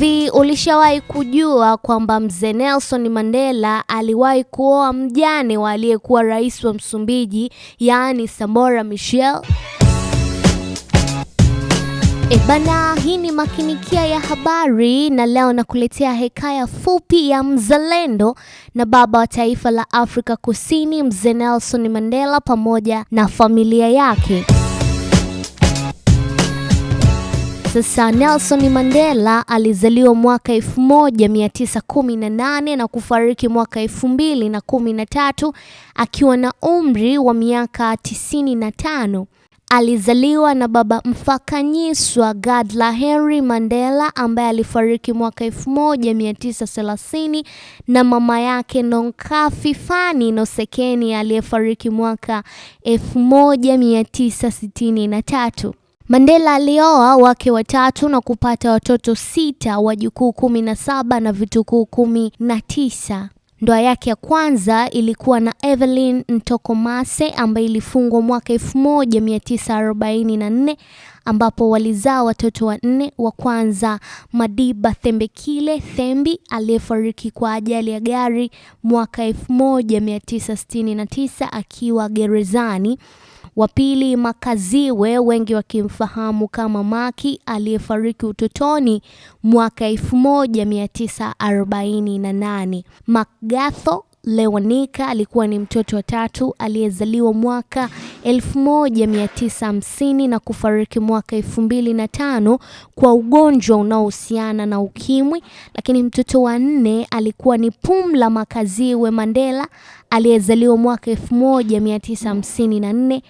Hivi ulishawahi kujua kwamba mzee Nelson Mandela aliwahi kuoa mjane wa aliyekuwa rais wa Msumbiji, yaani Samora michel E bana, hii ni Makinikia ya habari na leo nakuletea hekaya fupi ya mzalendo na baba wa taifa la Afrika Kusini, mzee Nelson Mandela pamoja na familia yake. Sasa Nelson Mandela alizaliwa mwaka 1918 na kufariki mwaka 2013 akiwa na umri wa miaka 95. Alizaliwa na baba Mfakanyiswa Gadla Henry Mandela ambaye alifariki mwaka 1930 na mama yake Nonkafi Fanny Nosekeni aliyefariki mwaka 1963. Mandela alioa wake watatu na kupata watoto sita, wajukuu kumi na saba na vitukuu kumi na tisa. Ndoa yake ya kwanza ilikuwa na Evelyn Ntokomase ambaye ilifungwa mwaka 1944 ambapo walizaa watoto wanne. Wa kwanza Madiba Thembekile Thembi aliyefariki kwa ajali ya gari mwaka 1969 akiwa gerezani. Wa pili Makaziwe, wengi wakimfahamu kama Maki, aliyefariki utotoni mwaka 1948. Magatho Lewanika alikuwa ni mtoto wa tatu aliyezaliwa mwaka 1950 na kufariki mwaka 2005 kwa ugonjwa unaohusiana na ukimwi. Lakini mtoto wa nne alikuwa ni Pumla Makaziwe Mandela aliyezaliwa mwaka 1954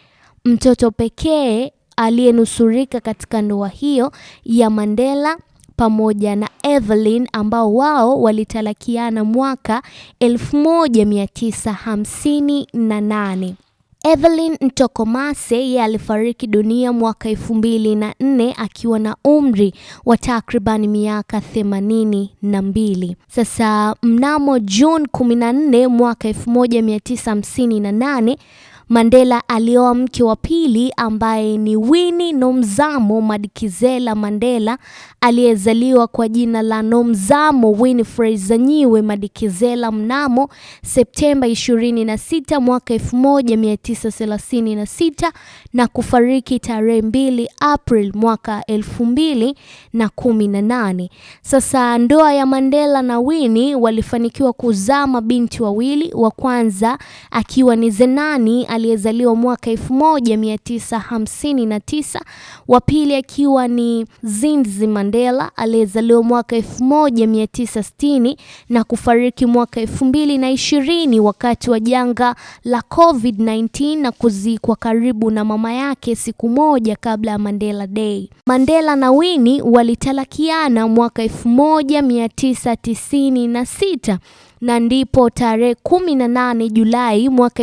mtoto pekee aliyenusurika katika ndoa hiyo ya Mandela pamoja na Evelyn ambao wao walitalakiana mwaka 1958. Evelyn Ntokomase yeye alifariki dunia mwaka 2004 akiwa na umri wa takriban miaka 82. Sasa mnamo June 14 mwaka 1958 Mandela alioa mke wa pili ambaye ni Winnie Nomzamo Madikizela Mandela aliyezaliwa kwa jina la Nomzamo Winifred Zanyiwe Madikizela mnamo Septemba 26 mwaka 1936 na kufariki tarehe 2 April mwaka 2018. Sasa ndoa ya Mandela na Winnie walifanikiwa kuzaa mabinti wawili, wa kwanza akiwa ni Zenani aliyezaliwa mwaka 1959, wa pili akiwa ni Zinzi Mandela aliyezaliwa mwaka 1960 na kufariki mwaka 2020 wakati wa janga la COVID-19 na kuzikwa karibu na mama yake siku moja kabla ya Mandela Day. Mandela na Winnie walitalakiana mwaka 1996 na ndipo tarehe kumi na nane Julai mwaka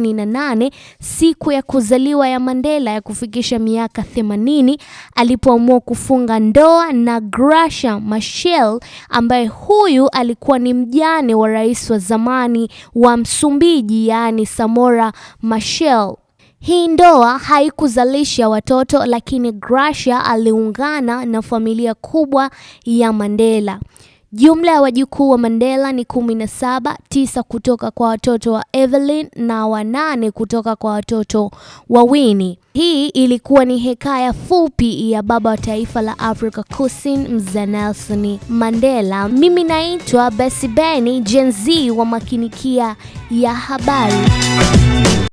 nane siku ya kuzaliwa ya Mandela ya kufikisha miaka themanini alipoamua kufunga ndoa na Graca Machel ambaye huyu alikuwa ni mjane wa rais wa zamani wa Msumbiji yaani Samora Machel. Hii ndoa haikuzalisha watoto lakini Graca aliungana na familia kubwa ya Mandela. Jumla ya wajukuu wa Mandela ni kumi na saba, tisa kutoka kwa watoto wa Evelyn na wanane kutoka kwa watoto wa Winnie. Hii ilikuwa ni hekaya fupi ya baba wa taifa la Afrika Kusini Mzee Nelson Mandela. Mimi naitwa Beni, Gen Z wa makinikia ya habari.